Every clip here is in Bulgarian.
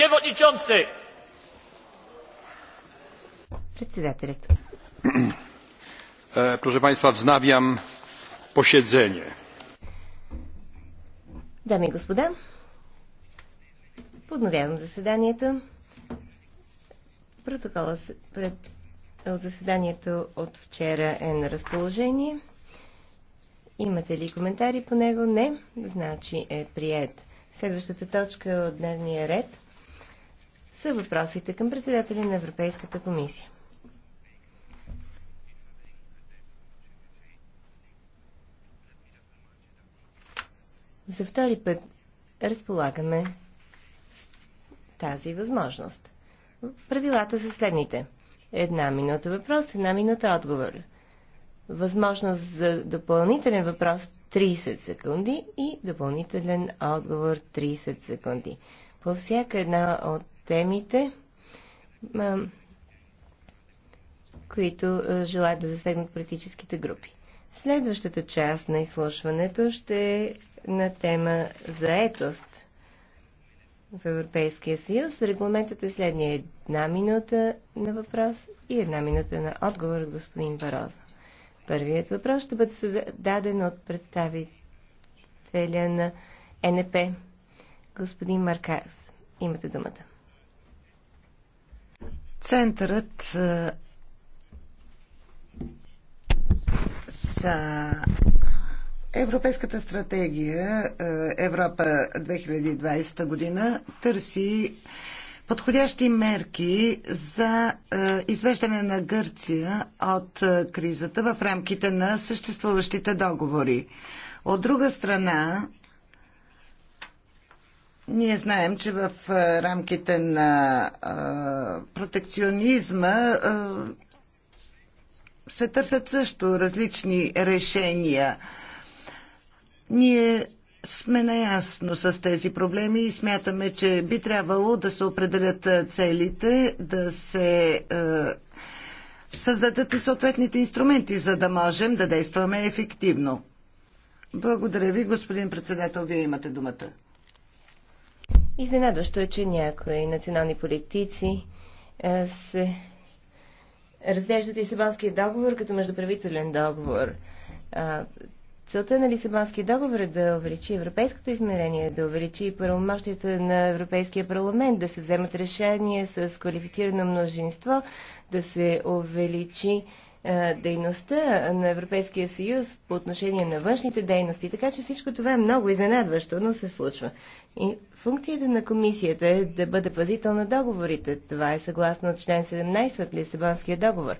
przewodniczący! Председателят. Е, proszę Państwa, wznawiam posiedzenie. Дами и господа, подновявам заседанието. Протокола от заседанието от вчера е на разположение. Имате ли коментари по него? Не. Значи е прият. Следващата точка от дневния ред са въпросите към председателя на Европейската комисия. За втори път разполагаме с тази възможност. Правилата са следните. Една минута въпрос, една минута отговор. Възможност за допълнителен въпрос 30 секунди и допълнителен отговор 30 секунди. По всяка една от темите, които желаят да засегнат политическите групи. Следващата част на изслушването ще е на тема заетост в Европейския съюз. Регламентът е следния една минута на въпрос и една минута на отговор от господин Барозо. Първият въпрос ще бъде зададен от представителя на НП, господин Маркас. Имате думата. Центърът са Европейската стратегия Европа 2020 година търси подходящи мерки за извеждане на Гърция от кризата в рамките на съществуващите договори. От друга страна, ние знаем, че в рамките на протекционизма се търсят също различни решения. Ние сме наясно с тези проблеми и смятаме, че би трябвало да се определят целите, да се създадат и съответните инструменти, за да можем да действаме ефективно. Благодаря ви, господин председател. Вие имате думата. Изненадващо е, че някои национални политици се разглеждат Лисабонския договор като междуправителен договор. Целта на Лисабонския договор е да увеличи европейското измерение, да увеличи правомощията на Европейския парламент, да се вземат решения с квалифицирано множество, да се увеличи е, дейността на Европейския съюз по отношение на външните дейности, така че всичко това е много изненадващо, но се случва. И функцията на комисията е да бъде пазител на договорите. Това е съгласно член 17 от Лисабонския договор.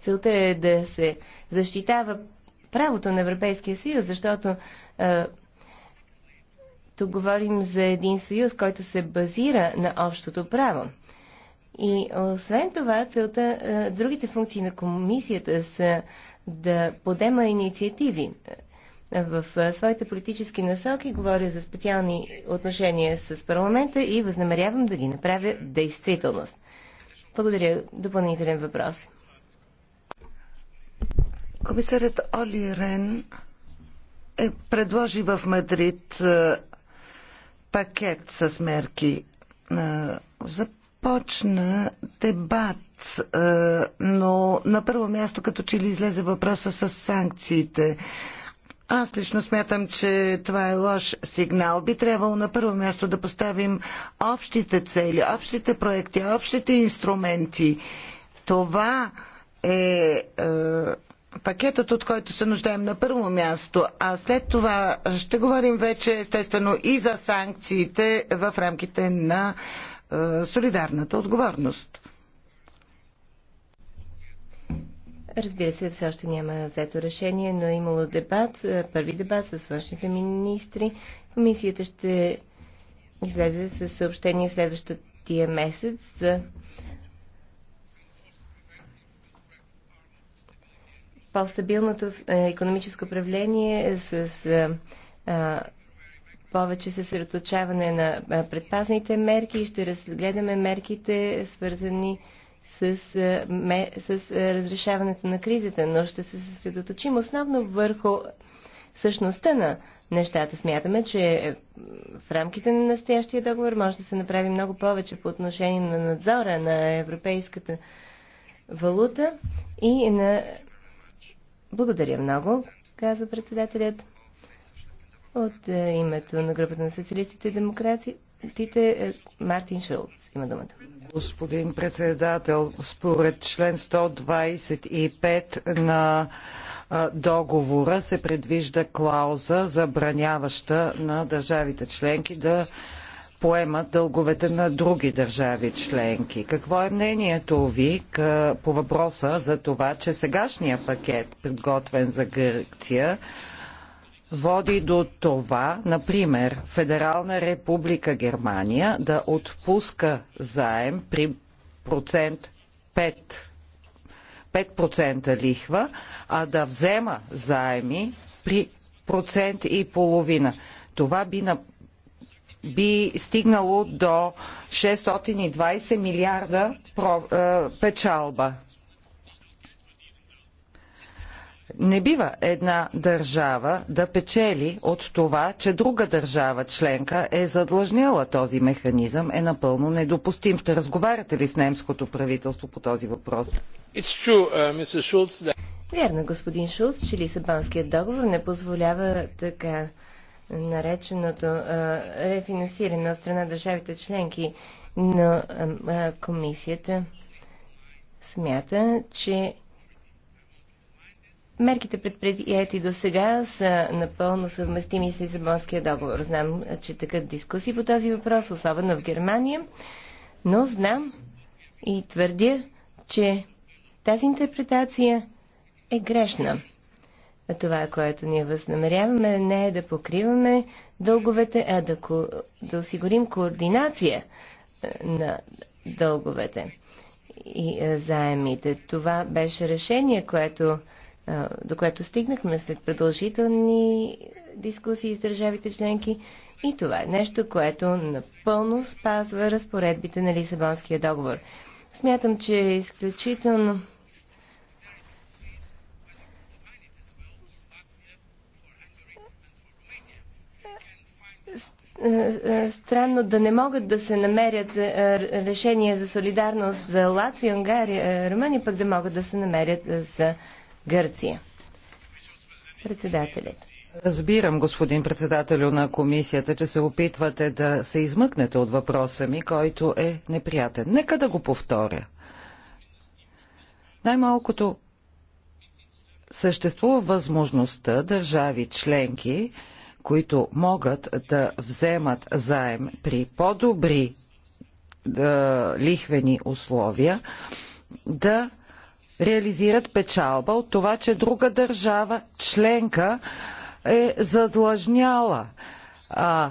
Целта е да се защитава правото на Европейския съюз, защото е, тук говорим за един съюз, който се базира на общото право. И освен това, целта, другите функции на комисията са да подема инициативи в своите политически насоки. Говоря за специални отношения с парламента и възнамерявам да ги направя действителност. Благодаря. Допълнителен въпрос. Комисарят Оли Рен е, предложи в Мадрид пакет с мерки за започна дебат, е, но на първо място като че ли излезе въпроса с санкциите. Аз лично смятам, че това е лош сигнал. Би трябвало на първо място да поставим общите цели, общите проекти, общите инструменти. Това е, е пакетът, от който се нуждаем на първо място, а след това ще говорим вече естествено и за санкциите в рамките на е, солидарната отговорност. Разбира се, все още няма взето решение, но е имало дебат, е, първи дебат с външните министри. Комисията ще излезе с съобщение следващия месец за по-стабилното економическо управление с е, повече съсредоточаване на предпазните мерки и ще разгледаме мерките, свързани с, с разрешаването на кризата, но ще се съсредоточим основно върху същността на нещата. Смятаме, че в рамките на настоящия договор може да се направи много повече по отношение на надзора на европейската валута и на... Благодаря много, казва председателят. От е, името на групата на социалистите и демократи, е, Мартин Шулц има думата. Господин председател, според член 125 на договора се предвижда клауза, забраняваща на държавите членки да поемат дълговете на други държави членки. Какво е мнението ви по въпроса за това, че сегашния пакет, подготвен за Гърция, води до това, например, Федерална република Германия да отпуска заем при процент 5 5% лихва, а да взема заеми при процент и половина. Това би, на... би стигнало до 620 милиарда е, печалба. Не бива една държава да печели от това, че друга държава членка е задлъжняла този механизъм, е напълно недопустим. Ще разговаряте ли с немското правителство по този въпрос? Uh, Вярно, господин Шулц, че Лисабонският договор не позволява така нареченото рефинансиране от страна държавите членки, но комисията смята, че Мерките предприяти до сега са напълно съвместими с Лисабонския договор. Знам, че такът дискусии по този въпрос, особено в Германия, но знам и твърдя, че тази интерпретация е грешна. А това, което ние възнамеряваме, не е да покриваме дълговете, а да, ко... да осигурим координация е, на дълговете и е, заемите. Това беше решение, което до което стигнахме след продължителни дискусии с държавите членки. И това е нещо, което напълно спазва разпоредбите на Лисабонския договор. Смятам, че е изключително странно да не могат да се намерят решения за солидарност за Латвия, Унгария, Румъния, пък да могат да се намерят за Гърция. Председателят. Разбирам, господин председателю на комисията, че се опитвате да се измъкнете от въпроса ми, който е неприятен. Нека да го повторя. Най-малкото съществува възможността държави членки, които могат да вземат заем при по-добри е, лихвени условия, да реализират печалба от това, че друга държава членка е задлъжняла. А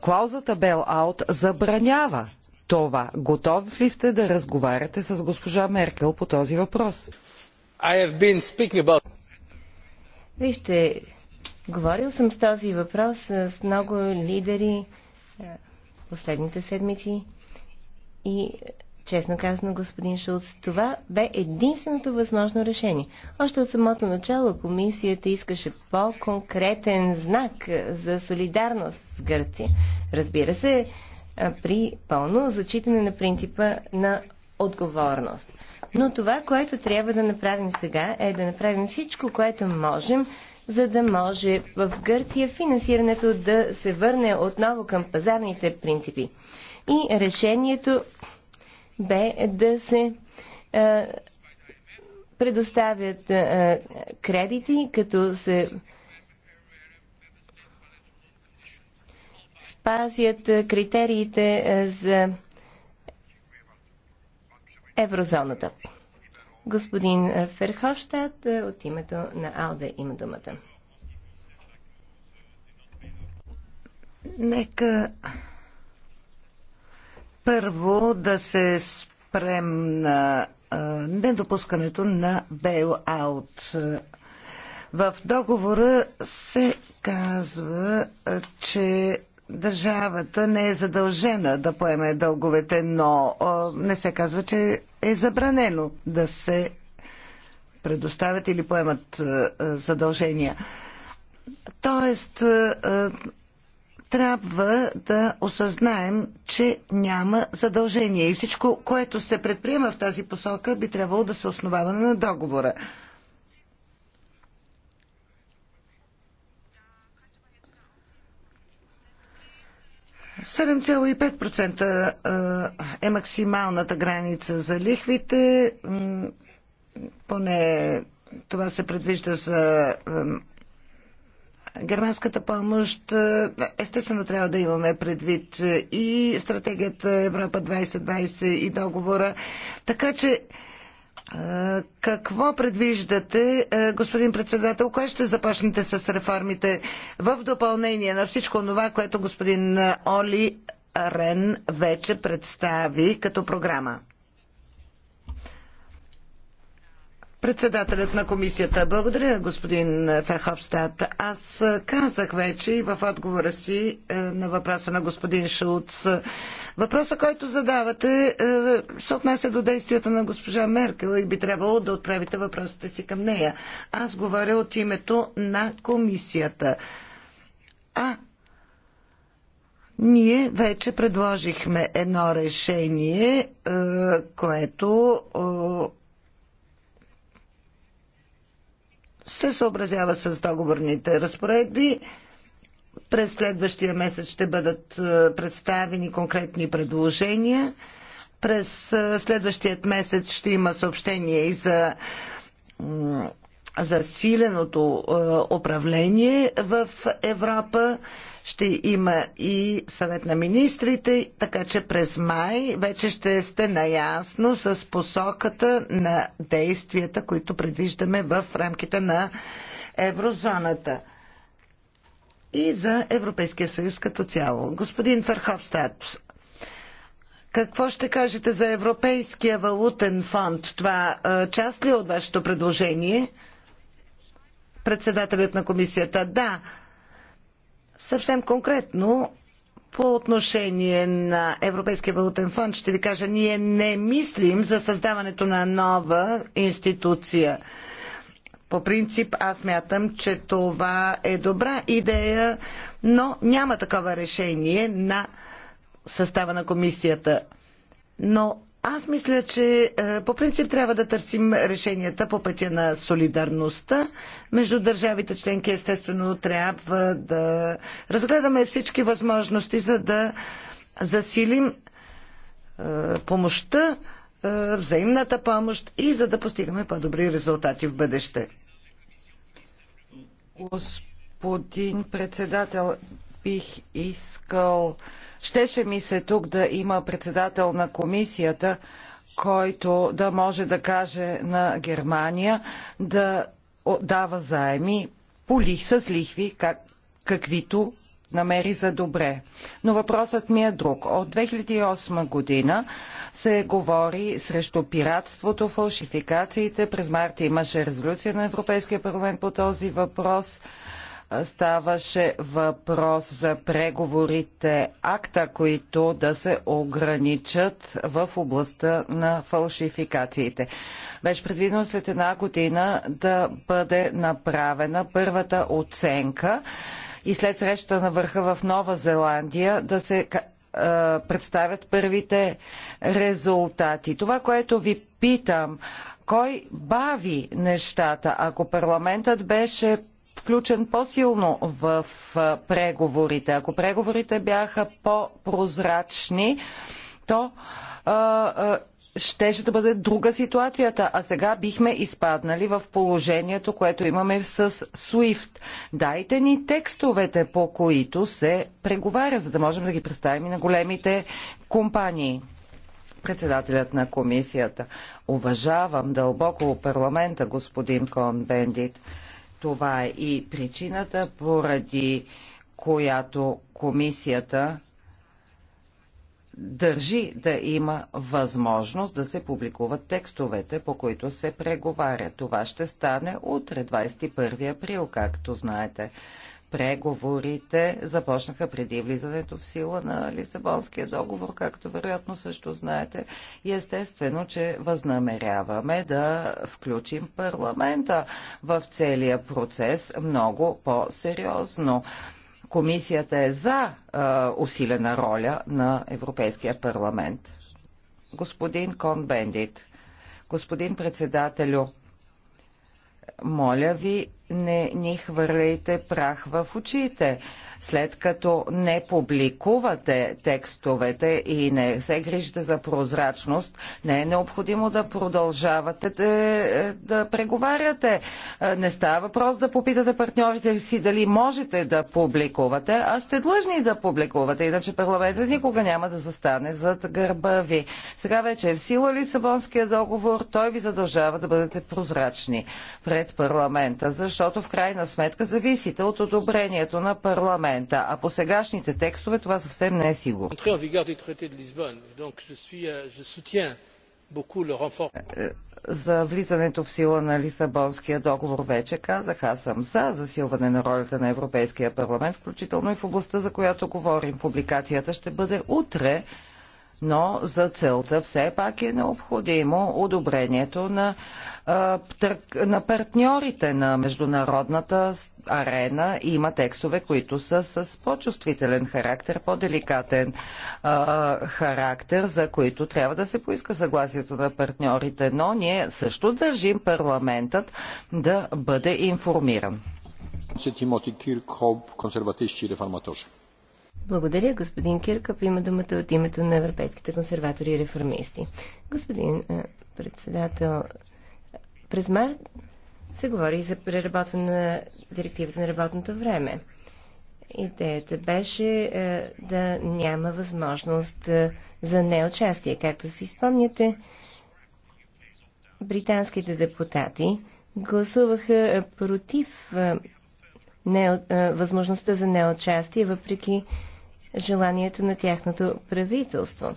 клаузата Бел-аут забранява това. Готов ли сте да разговаряте с госпожа Меркел по този въпрос? About... Вижте, говорил съм с този въпрос с много лидери последните седмици и Честно казано, господин Шулц, това бе единственото възможно решение. Още от самото начало комисията искаше по-конкретен знак за солидарност с Гърция. Разбира се, при пълно зачитане на принципа на отговорност. Но това, което трябва да направим сега, е да направим всичко, което можем, за да може в Гърция финансирането да се върне отново към пазарните принципи. И решението бе да се а, предоставят а, кредити, като се спазят критериите за еврозоната. Господин Ферхоштад от името на АЛДЕ има думата. Нека първо да се спрем на недопускането на бейл-аут. В договора се казва, че държавата не е задължена да поеме дълговете, но не се казва, че е забранено да се предоставят или поемат задължения. Тоест, трябва да осъзнаем, че няма задължение и всичко, което се предприема в тази посока, би трябвало да се основава на договора. Седем е, е максималната граница за лихвите. Поне това се предвижда за германската помощ, е, естествено трябва да имаме предвид е, и стратегията Европа 2020 и договора. Така че е, какво предвиждате, господин председател? Кое ще започнете с реформите в допълнение на всичко това, което господин Оли Рен вече представи като програма? Председателят на комисията. Благодаря, господин Феховстат. Аз казах вече и в отговора си е, на въпроса на господин Шулц. Въпроса, който задавате, е, се отнася до действията на госпожа Меркел и би трябвало да отправите въпросите си към нея. Аз говоря от името на комисията. А ние вече предложихме едно решение, е, което се съобразява с договорните разпоредби. През следващия месец ще бъдат е, представени конкретни предложения. През е, следващият месец ще има съобщение и за засиленото е, управление в Европа ще има и съвет на министрите, така че през май вече ще сте наясно с посоката на действията, които предвиждаме в рамките на еврозоната и за Европейския съюз като цяло. Господин Ферховстат, какво ще кажете за Европейския валутен фонд? Това част ли е от вашето предложение? Председателят на комисията. Да, Съвсем конкретно по отношение на Европейския валутен фонд ще ви кажа, ние не мислим за създаването на нова институция. По принцип аз мятам, че това е добра идея, но няма такова решение на състава на комисията. Но аз мисля, че е, по принцип трябва да търсим решенията по пътя на солидарността. Между държавите членки естествено трябва да разгледаме всички възможности, за да засилим е, помощта, е, взаимната помощ и за да постигаме по-добри резултати в бъдеще. Господин председател, бих искал Щеше ми се тук да има председател на комисията, който да може да каже на Германия да дава заеми по лих, с лихви, как, каквито намери за добре. Но въпросът ми е друг. От 2008 година се говори срещу пиратството, фалшификациите. През марта имаше резолюция на Европейския парламент по този въпрос ставаше въпрос за преговорите акта, които да се ограничат в областта на фалшификациите. Беше предвидено след една година да бъде направена първата оценка и след срещата на върха в Нова Зеландия да се представят първите резултати. Това, което ви питам, кой бави нещата? Ако парламентът беше включен по-силно в преговорите. Ако преговорите бяха по-прозрачни, то щеше да бъде друга ситуацията, а сега бихме изпаднали в положението, което имаме с SWIFT. Дайте ни текстовете, по които се преговаря, за да можем да ги представим и на големите компании. Председателят на комисията. Уважавам дълбоко парламента, господин Кон Бендит. Това е и причината, поради която комисията държи да има възможност да се публикуват текстовете, по които се преговаря. Това ще стане утре, 21 април, както знаете преговорите започнаха преди влизането в сила на Лисабонския договор, както вероятно също знаете. И естествено, че възнамеряваме да включим парламента в целия процес много по-сериозно. Комисията е за а, усилена роля на Европейския парламент. Господин Кон Бендит, господин председателю, моля ви не ни хвърляйте прах в очите. След като не публикувате текстовете и не се грижите за прозрачност, не е необходимо да продължавате да, да преговаряте. Е, не става въпрос да попитате партньорите си дали можете да публикувате, а сте длъжни да публикувате, иначе парламентът никога няма да застане зад гърба ви. Сега вече е в сила Лисабонския договор, той ви задължава да бъдете прозрачни пред парламента, защото в крайна сметка зависите от одобрението на парламента момента, а по сегашните текстове това съвсем не е сигурно. Euh, е, е, за влизането в сила на Лисабонския договор вече казах, аз съм за засилване на ролята на Европейския парламент, включително и в областта, за която говорим. Публикацията ще бъде утре но за целта все пак е необходимо одобрението на, на партньорите на международната арена. Има текстове, които са с по-чувствителен характер, по-деликатен характер, за които трябва да се поиска съгласието на партньорите, но ние също държим парламентът да бъде информиран. Тимоти Киркоп, консерватисти и реформаторши. Благодаря, господин Киркъп. Има думата от името на европейските консерватори и реформисти. Господин е, председател, през март се говори за преработване на директивата на работното време. Идеята беше е, да няма възможност е, за неучастие. Както си спомняте, британските депутати гласуваха против не, възможността за неучастие, въпреки желанието на тяхното правителство.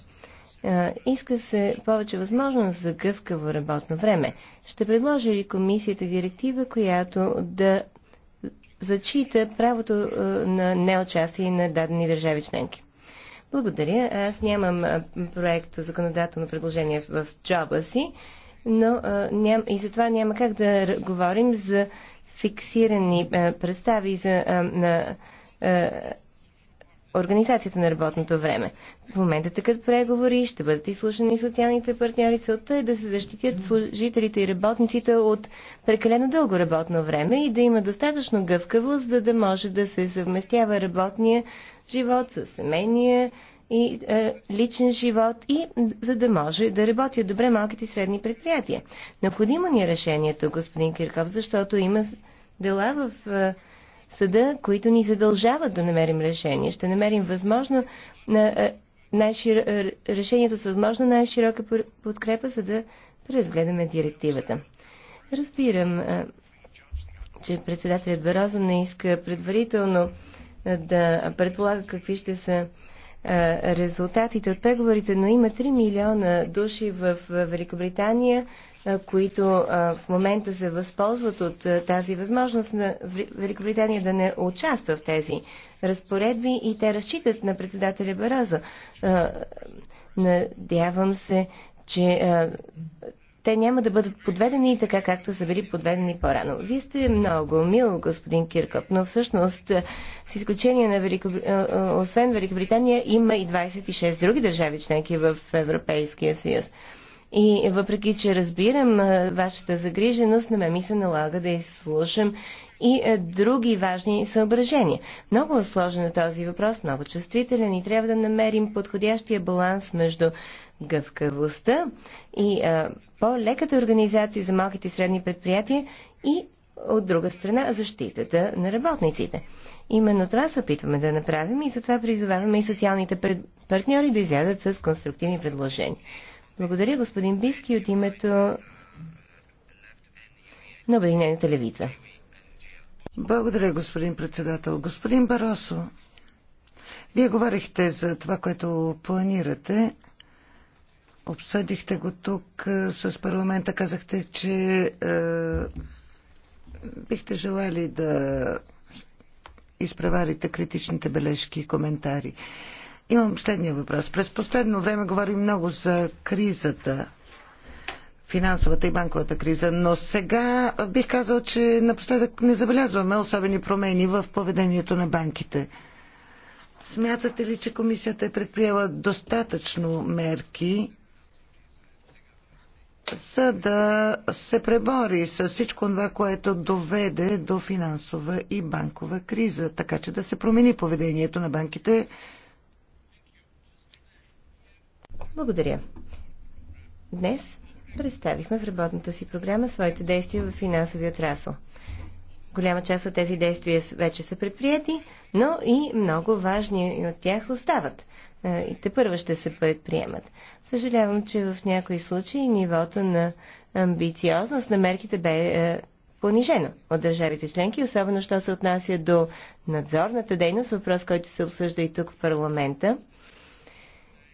Е, иска се повече възможност за гъвкаво работно време. Ще предложи ли комисията директива, която да зачита правото е, на неучастие на дадени държави членки? Благодаря. Аз нямам е, проект законодателно предложение в джоба си, но ням, и затова няма как да говорим за фиксирани представи за, на организацията на работното време. В момента такът преговори, ще бъдат изслушани социалните партньори. Целта е да се защитят служителите и работниците от прекалено дълго работно време и да има достатъчно гъвкавост, за да може да се съвместява работния живот с семейния и е, личен живот и за да може да работят добре малките и средни предприятия. Необходимо ни е решението, господин Кирков, защото има дела в е, съда, които ни задължават да намерим решение. Ще намерим възможно на, е, най-шир... Е, решението с възможно най-широка подкрепа, за да преразгледаме директивата. Разбирам, е, че председателят Барозо не иска предварително да предполага какви ще са е, резултатите от преговорите, но има 3 милиона души в Великобритания, е, които е, в момента се възползват от тази възможност на Великобритания да не участва в тези разпоредби и те разчитат на председателя Бараза. Надявам се, че те няма да бъдат подведени така, както са били подведени по-рано. Вие сте много мил, господин Киркоп, но всъщност, е, с изключение на Велико... Е, е, освен Великобритания, има и 26 други държави членки в Европейския съюз. И въпреки, че разбирам вашата загриженост, на мен ми се налага да изслушам и е, други важни съображения. Много е сложен е този въпрос, много чувствителен и трябва да намерим подходящия баланс между гъвкавостта и е, по-леката организация за малките и средни предприятия и от друга страна защитата на работниците. Именно това се опитваме да направим и затова призоваваме и социалните пред... партньори да излязат с конструктивни предложения. Благодаря господин Биски от името на Обединената левица. Благодаря, господин председател. Господин Баросо, вие говорихте за това, което планирате. Обсъдихте го тук е, с парламента. Казахте, че е, бихте желали да изпреварите критичните бележки и коментари. Имам следния въпрос. През последно време говорим много за кризата финансовата и банковата криза. Но сега бих казал, че напоследък не забелязваме особени промени в поведението на банките. Смятате ли, че комисията е предприела достатъчно мерки, за да се пребори с всичко това, което доведе до финансова и банкова криза, така че да се промени поведението на банките? Благодаря. Днес представихме в работната си програма своите действия в финансовия отрасъл. Голяма част от тези действия вече са предприяти, но и много важни от тях остават е, и те първа ще се предприемат. Съжалявам, че в някои случаи нивото на амбициозност на мерките бе е, понижено от държавите членки, особено що се отнася до надзорната дейност, въпрос, който се обсъжда и тук в парламента.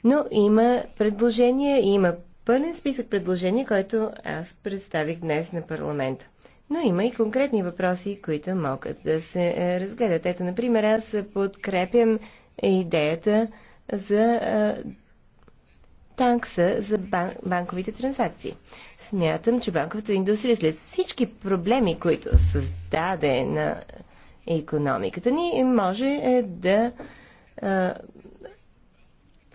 Но има предложения, има пълен списък предложения, който аз представих днес на парламента. Но има и конкретни въпроси, които могат да се е, разгледат. Ето, например, аз подкрепям идеята за е, танкса за бан- банковите транзакции. Смятам, че банковата индустрия след всички проблеми, които създаде на економиката ни, може е, да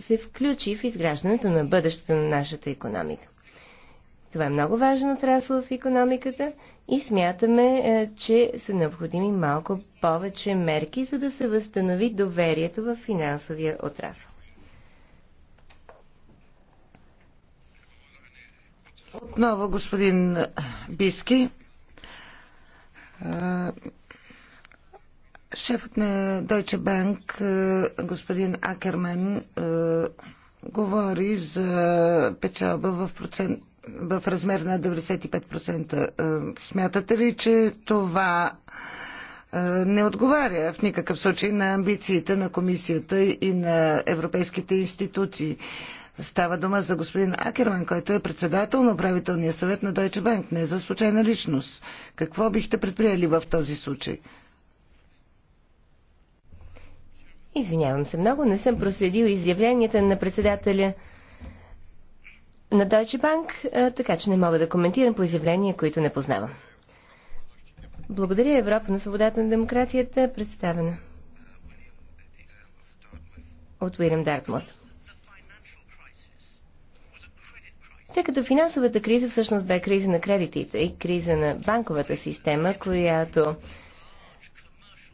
се включи в изграждането на бъдещето на нашата економика. Това е много важен отрасъл в економиката и смятаме, е, че са необходими малко повече мерки, за да се възстанови доверието в финансовия отрасъл. Отново господин Биски. Е, Шефът на Deutsche Bank, е, господин Акерман, е, говори за печалба в, процент, в размер на 95%. Е, смятате ли, че това не отговаря в никакъв случай на амбициите на комисията и на европейските институции? Става дума за господин Акерман, който е председател на управителния съвет на Deutsche Bank, не за случайна личност. Какво бихте предприели в този случай? Извинявам се много, не съм проследил изявленията на председателя на Deutsche Bank, така че не мога да коментирам по изявления, които не познавам. Благодаря Европа на свободата на демокрацията е представена от Уилям Дартмут. Тъй като финансовата криза всъщност бе криза на кредитите и криза на банковата система, която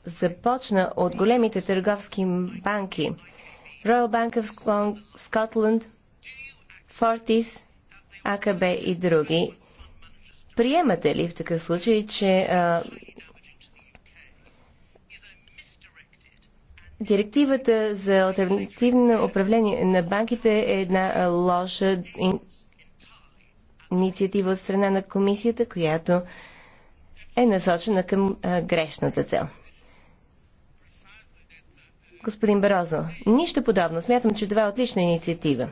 започна от големите търговски банки. Royal Bank of Scotland, Fortis, АКБ и други. Приемате ли в такъв случай, че а, директивата за альтернативно управление на банките е една лоша инициатива от страна на комисията, която е насочена към а, грешната цел? Господин Барозо, нищо подобно. Смятам, че това е отлична инициатива.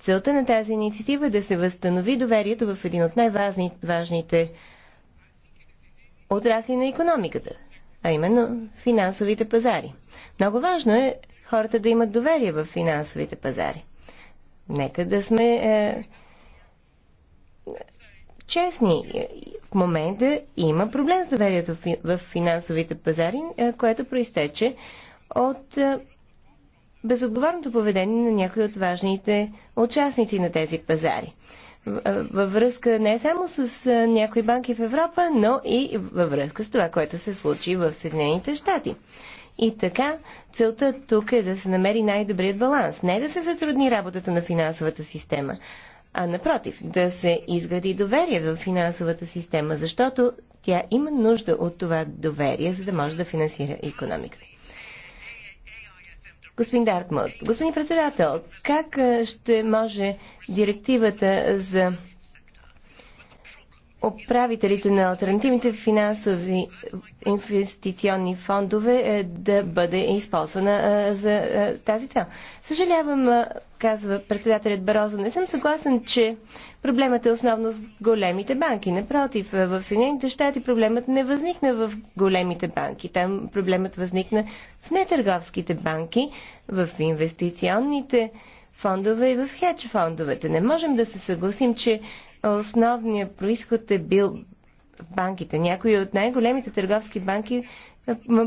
Целта на тази инициатива е да се възстанови доверието в един от най-важните отрасли на економиката, а именно финансовите пазари. Много важно е хората да имат доверие в финансовите пазари. Нека да сме е, честни. В момента има проблем с доверието в финансовите пазари, е, което проистече от е, безотговорното поведение на някои от важните участници на тези пазари. Е, във връзка не само с е, някои банки в Европа, но и във връзка с това, което се случи в Съединените щати. И така, целта тук е да се намери най-добрият баланс. Не да се затрудни работата на финансовата система, а напротив, да се изгради доверие в финансовата система, защото тя има нужда от това доверие, за да може да финансира економиката. Господин Дартмут, господин председател, как ще може директивата за управителите на альтернативните финансови инвестиционни фондове е, да бъде използвана е, за е, тази цел. Съжалявам, казва председателят Барозо, не съм съгласен, че проблемът е основно с големите банки. Напротив, в Съединените щати проблемът не възникна в големите банки. Там проблемът възникна в нетърговските банки, в инвестиционните фондове и в хедж фондовете. Не можем да се съгласим, че основният происход е бил банките. Някои от най-големите търговски банки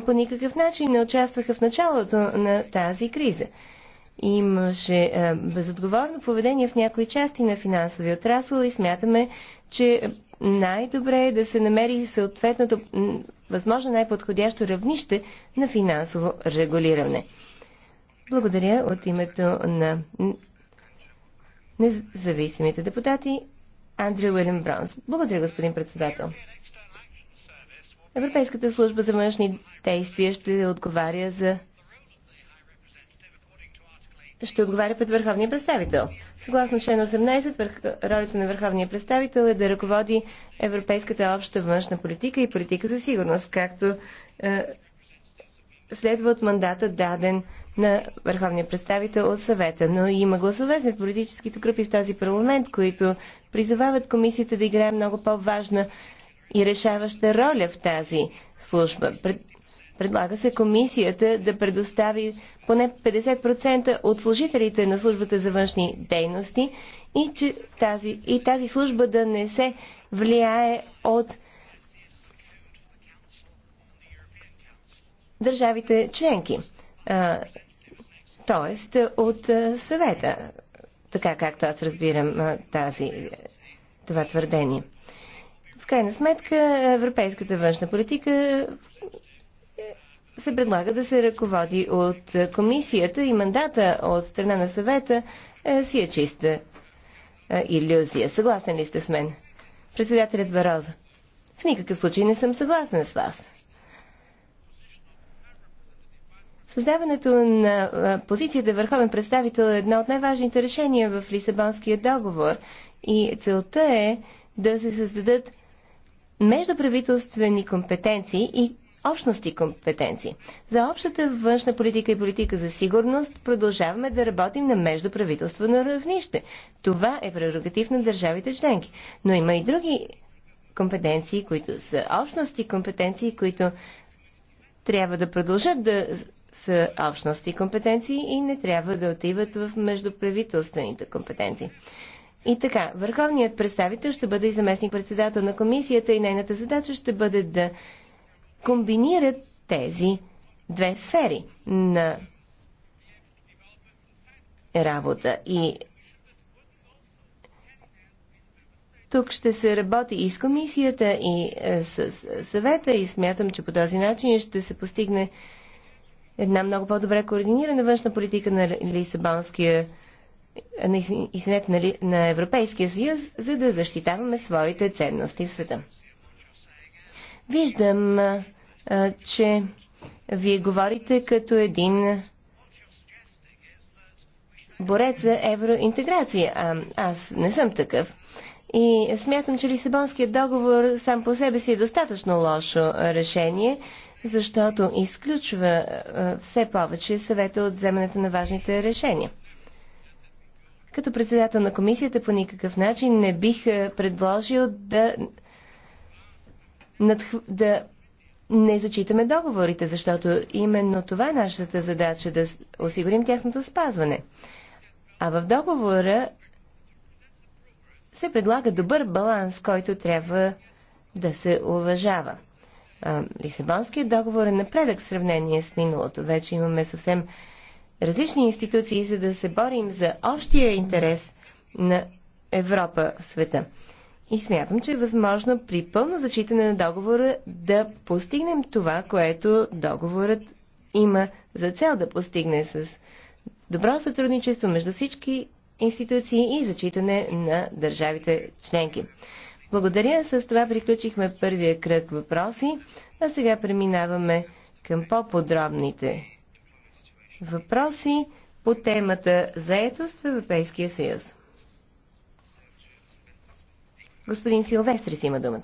по никакъв начин не участваха в началото на тази криза. Имаше безотговорно поведение в някои части на финансови отрасъл и смятаме, че най-добре е да се намери съответното, възможно най-подходящо равнище на финансово регулиране. Благодаря от името на независимите депутати. Андрю Уилям Бронс. Благодаря, господин председател. Европейската служба за външни действия ще отговаря за ще отговаря пред върховния представител. Съгласно член 18, върх... ролята на върховния представител е да ръководи европейската обща външна политика и политика за сигурност, както е, следва от мандата даден на върховния представител от съвета. Но има гласове за политическите групи в този парламент, които призовават комисията да играе много по-важна и решаваща роля в тази служба. Предлага се комисията да предостави поне 50% от служителите на службата за външни дейности и, че тази, и тази служба да не се влияе от държавите членки т.е. от е, съвета, така както аз разбирам е, тази, това твърдение. В крайна сметка, европейската външна политика е, се предлага да се ръководи от комисията и мандата от страна на съвета си е чиста иллюзия. Съгласен ли сте с мен? Председателят Барозо. В никакъв случай не съм съгласен с вас. Създаването на позицията е върховен представител е едно от най-важните решения в Лисабонския договор и целта е да се създадат междуправителствени компетенции и общности компетенции. За общата външна политика и политика за сигурност продължаваме да работим на междуправителствено равнище. Това е прерогатив на държавите членки. Но има и други компетенции, които са общности компетенции, които трябва да продължат да са общности компетенции и не трябва да отиват в междуправителствените компетенции. И така, върховният представител ще бъде и заместник председател на комисията и нейната задача ще бъде да комбинират тези две сфери на работа. И тук ще се работи и с комисията, и е, с съвета и смятам, че по този начин ще се постигне една много по-добре координирана външна политика на Лисабонския на, извинете, на, на Европейския съюз, за да защитаваме своите ценности в света. Виждам, а, че вие говорите като един борец за евроинтеграция. А, аз не съм такъв. И смятам, че Лисабонският договор сам по себе си е достатъчно лошо решение защото изключва е, все повече съвета от вземането на важните решения. Като председател на комисията по никакъв начин не бих е, предложил да, надх... да не зачитаме договорите, защото именно това е нашата задача да осигурим тяхното спазване. А в договора се предлага добър баланс, който трябва да се уважава. Лисабонския договор е напредък в сравнение с миналото. Вече имаме съвсем различни институции, за да се борим за общия интерес на Европа в света. И смятам, че е възможно при пълно зачитане на договора да постигнем това, което договорът има за цел да постигне с добро сътрудничество между всички институции и зачитане на държавите членки. Благодаря. С това приключихме първия кръг въпроси, а сега преминаваме към по-подробните въпроси по темата заетост в Европейския съюз. Господин Силвестрис има думата.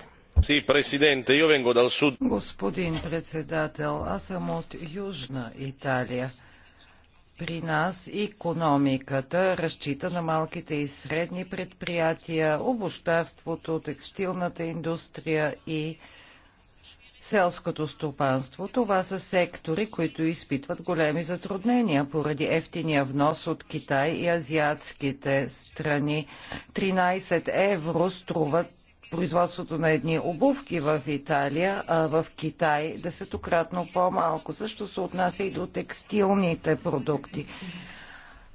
Господин председател, аз съм от Южна Италия при нас економиката разчита на малките и средни предприятия, обощарството, текстилната индустрия и селското стопанство. Това са сектори, които изпитват големи затруднения поради ефтиния внос от Китай и азиатските страни. 13 евро струват производството на едни обувки в Италия, а в Китай десетократно по-малко. Също се отнася и до текстилните продукти.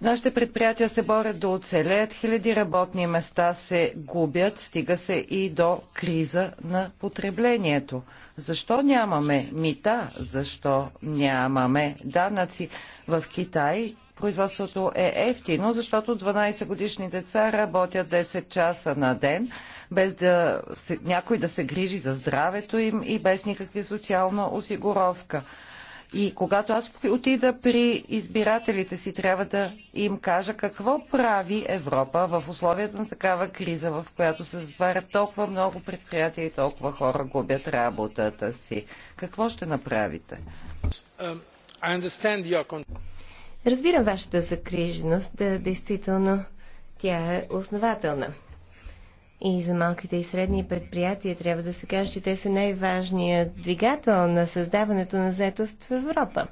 Нашите предприятия се борят да оцелеят, хиляди работни места се губят, стига се и до криза на потреблението. Защо нямаме мита? Защо нямаме данъци? В Китай производството е ефтино, защото 12 годишни деца работят 10 часа на ден, без да се, някой да се грижи за здравето им и без никакви социална осигуровка. И когато аз отида при избирателите си, трябва да им кажа какво прави Европа в условията на такава криза, в която се затварят толкова много предприятия и толкова хора губят работата си. Какво ще направите? Um, Разбирам вашата закриженост, да, действително тя е основателна. И за малките и средни предприятия трябва да се каже, че те са най-важният двигател на създаването на заетост в Европа.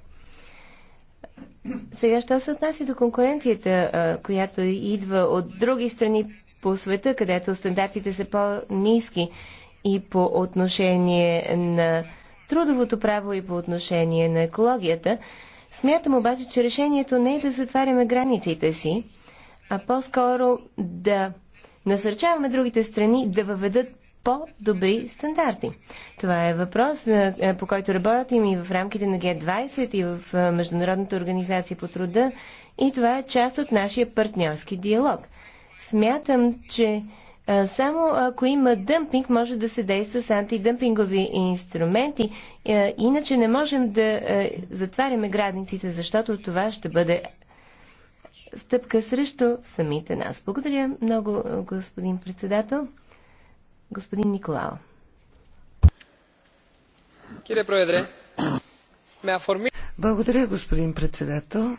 Сега, що се отнася до конкуренцията, която идва от други страни по света, където стандартите са по-низки и по отношение на трудовото право и по отношение на екологията, Смятам обаче, че решението не е да затваряме границите си, а по-скоро да насърчаваме другите страни да въведат по-добри стандарти. Това е въпрос, е, по който работим и в рамките на Г20 и в е, Международната организация по труда и това е част от нашия партньорски диалог. Смятам, че само ако има дъмпинг, може да се действа с антидъмпингови инструменти. Иначе не можем да затваряме границите, защото това ще бъде стъпка срещу самите нас. Благодаря много, господин председател. Господин Николао. Благодаря, господин председател.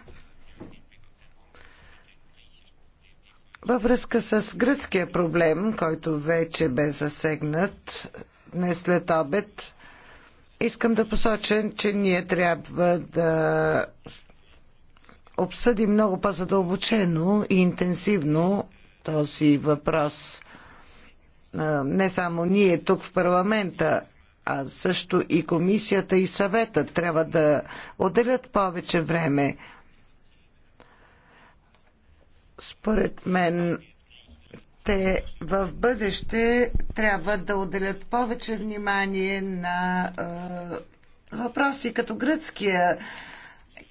Във връзка с гръцкия проблем, който вече бе засегнат днес след обед, искам да посоча, че ние трябва да обсъдим много по-задълбочено и интенсивно този въпрос. Не само ние тук в парламента, а също и комисията и съвета трябва да отделят повече време според мен те в бъдеще трябва да отделят повече внимание на е, въпроси като гръцкия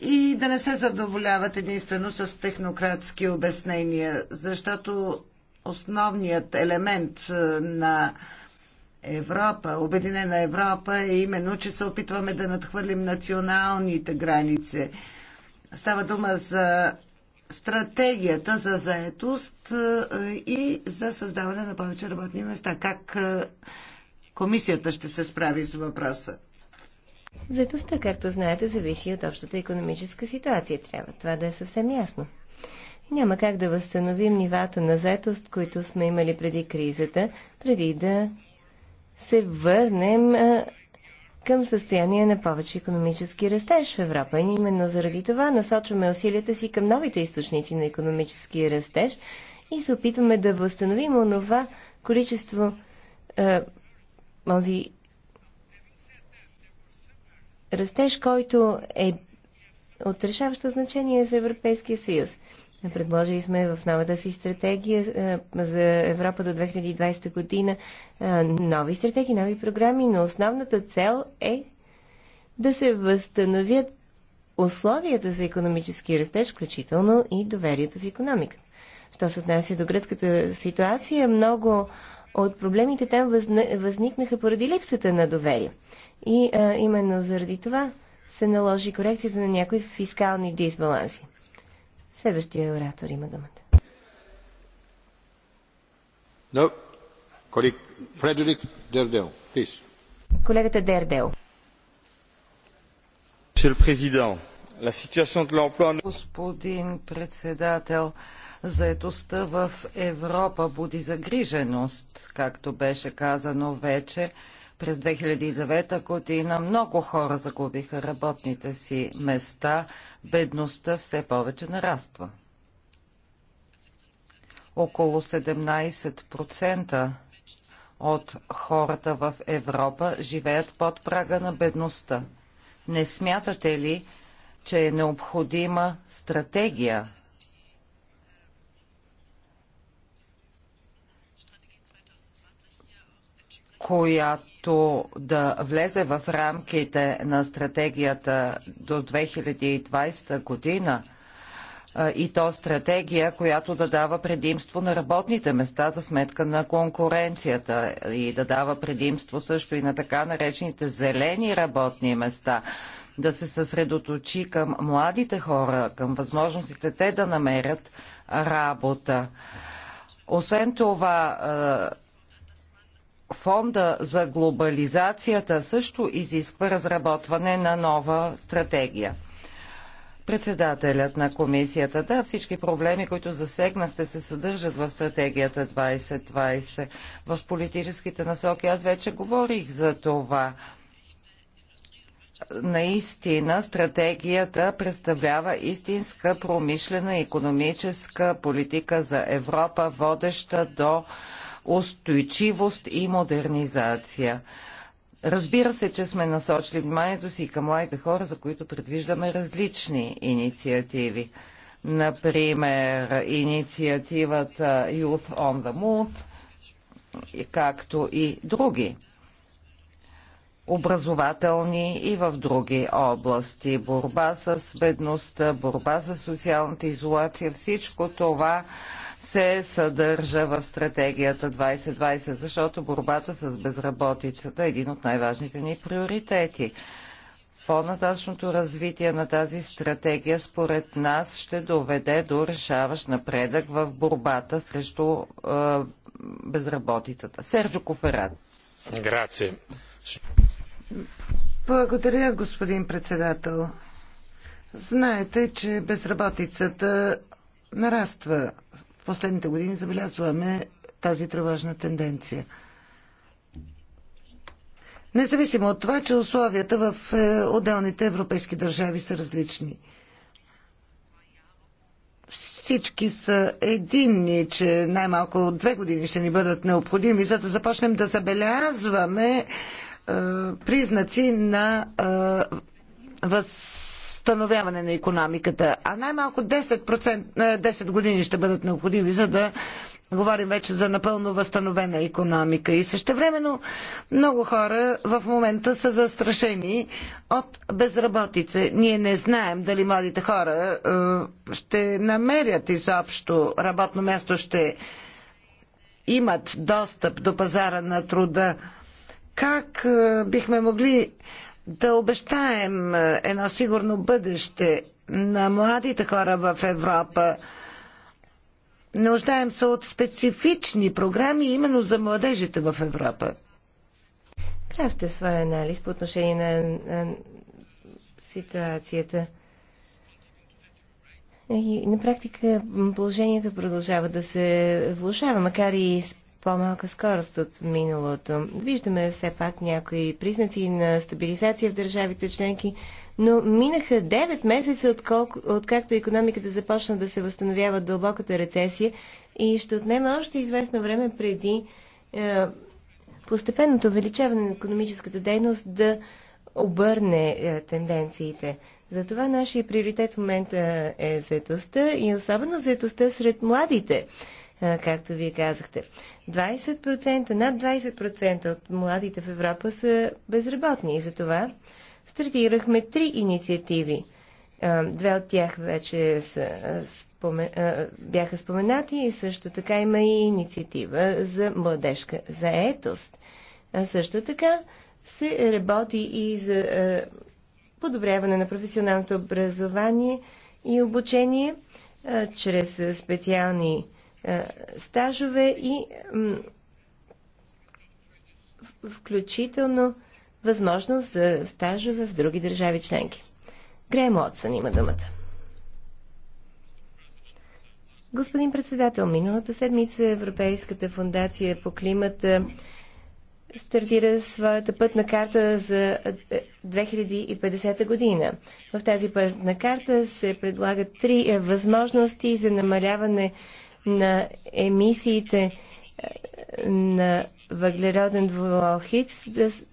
и да не се задоволяват единствено с технократски обяснения, защото основният елемент е, на Европа, Обединена Европа е именно, че се опитваме да надхвърлим националните граници. Става дума за стратегията за заетост е, и за създаване на повече работни места. Как е, комисията ще се справи с въпроса? Заетостта, както знаете, зависи от общата економическа ситуация. Трябва това да е съвсем ясно. Няма как да възстановим нивата на заетост, които сме имали преди кризата, преди да се върнем е, към състояние на повече економически растеж в Европа. И именно заради това насочваме усилията си към новите източници на економически растеж и се опитваме да възстановим онова количество, е, този растеж, който е от решаващо значение за Европейския съюз. Предложили сме в новата си стратегия е, за Европа до 2020 година е, нови стратегии, нови програми, но основната цел е да се възстановят условията за економически растеж, включително и доверието в економиката. Що се отнася до гръцката ситуация, много от проблемите там възникнаха поради липсата на доверие. И а, е, именно заради това се наложи корекцията на някои фискални дисбаланси. Следващия оратор има думата. No. Фредерик Дердел, Колегата Дердел. Господин председател, заетостта в Европа буди загриженост, както беше казано вече. През 2009 година много хора загубиха работните си места. Бедността все повече нараства. Около 17% от хората в Европа живеят под прага на бедността. Не смятате ли, че е необходима стратегия която да влезе в рамките на стратегията до 2020 година и то стратегия, която да дава предимство на работните места за сметка на конкуренцията и да дава предимство също и на така наречените зелени работни места, да се съсредоточи към младите хора, към възможностите те да намерят работа. Освен това, Фонда за глобализацията също изисква разработване на нова стратегия. Председателят на комисията. Да, всички проблеми, които засегнахте, се съдържат в стратегията 2020, в политическите насоки. Аз вече говорих за това. Наистина, стратегията представлява истинска промишлена и економическа политика за Европа, водеща до устойчивост и модернизация. Разбира се, че сме насочили вниманието си към младите хора, за които предвиждаме различни инициативи. Например, инициативата Youth on the Move, както и други образователни и в други области. Борба с бедността, борба с социалната изолация, всичко това се съдържа в стратегията 2020, защото борбата с безработицата е един от най-важните ни приоритети. По-нататъчното развитие на тази стратегия според нас ще доведе до решаващ напредък в борбата срещу е, безработицата. Серджо Коферат. Грация. Благодаря, господин председател. Знаете, че безработицата нараства последните години забелязваме тази тревожна тенденция. Независимо от това, че условията в е, отделните европейски държави са различни. Всички са единни, че най-малко две години ще ни бъдат необходими, за да започнем да забелязваме е, признаци на е, възстановяване на економиката, а най-малко 10%, 10 е, години ще бъдат необходими, за да говорим вече за напълно възстановена економика. И същевременно много хора в момента са застрашени от безработица. Ние не знаем дали младите хора е, ще намерят изобщо работно място, ще имат достъп до пазара на труда. Как е, бихме могли да обещаем е, едно сигурно бъдеще на младите хора в Европа. Нуждаем се от специфични програми именно за младежите в Европа. Прав сте своя анализ по отношение на, на ситуацията. И на практика положението продължава да се влушава, макар и с по-малка скорост от миналото. Виждаме все пак някои признаци на стабилизация в държавите членки, но минаха 9 месеца, отколко, откакто економиката започна да се възстановява дълбоката рецесия и ще отнема още известно време преди е, постепенното увеличаване на економическата дейност да обърне е, тенденциите. Затова нашия приоритет в момента е заетостта и особено заетостта сред младите – както вие казахте. 20%, над 20% от младите в Европа са безработни и за това стартирахме три инициативи. Две от тях вече са, спомен... бяха споменати и също така има и инициатива за младежка заетост. А също така се работи и за подобряване на професионалното образование и обучение чрез специални е, стажове и включително възможност за стажове в други държави членки. Греем Отсън има думата. Господин председател, миналата седмица Европейската фундация по климата стартира своята пътна карта за 2050 е, година. В тази пътна карта се предлагат три е, възможности за намаляване на емисиите е, на въглероден двуохид да 20%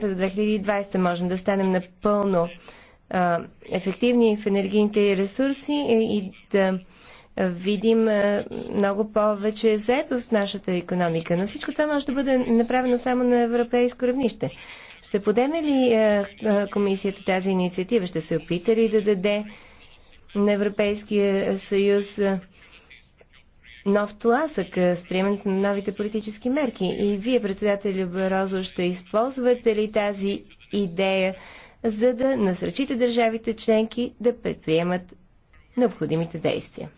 до 2020 можем да станем напълно а, ефективни в енергийните ресурси и да видим а, много повече заедост в нашата економика. Но всичко това може да бъде направено само на европейско равнище. Ще подеме ли а, комисията тази инициатива? Ще се опита ли да даде на Европейския съюз е, нов тласък е, с приемането на новите политически мерки. И вие, председател Барозо, ще използвате ли тази идея, за да насръчите държавите членки да предприемат необходимите действия?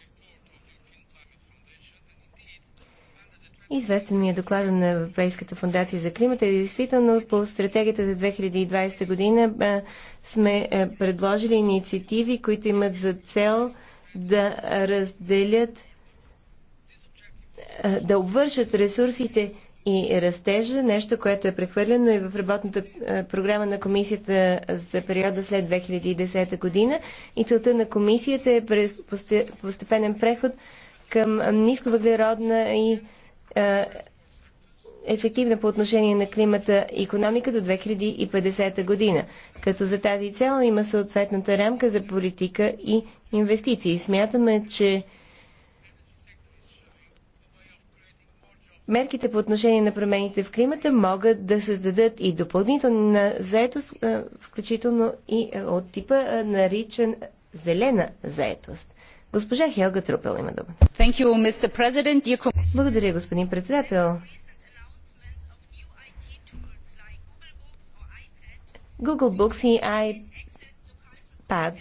Известен ми е доклада на Европейската фундация за климата и действително по стратегията за 2020 година а, сме а, предложили инициативи, които имат за цел да разделят, а, да обвършат ресурсите и растежа, нещо, което е прехвърлено и в работната програма на комисията за периода след 2010 година. И целта на комисията е постепенен преход към нисковъглеродна и е, ефективна по отношение на климата и економика до 2050 година, като за тази цел има съответната рамка за политика и инвестиции. Смятаме, че мерките по отношение на промените в климата могат да създадат и допълнителна заетост, е, включително и е, от типа наричан зелена заетост. Госпожа Хелга Трупел има думата. Благодаря, господин председател. Google Books и iPad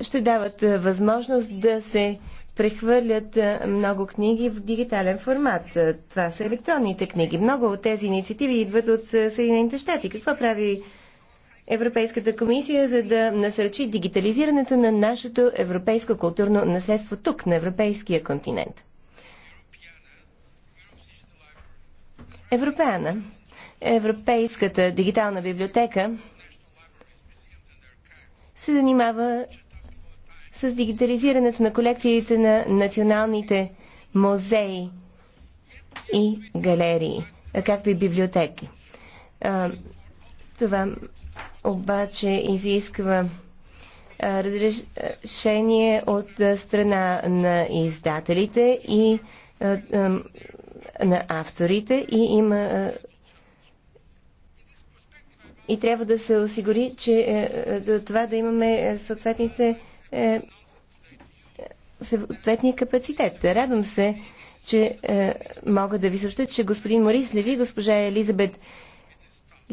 ще дават е, възможност да се прехвърлят е, много книги в дигитален формат. Е, това са електронните книги. Много от тези инициативи идват от Съединените щати. Какво прави Европейската комисия, за да насърчи дигитализирането на нашето европейско културно наследство тук, на европейския континент. Европеана, Европейската дигитална библиотека, се занимава с дигитализирането на колекциите на националните музеи и галерии, както и библиотеки. Това обаче изисква разрешение от страна на издателите и на авторите и има и трябва да се осигури, че е, е, това да имаме е, съответните съответния капацитет. Радвам се, че мога да ви съобща, че господин Морис Леви и госпожа Елизабет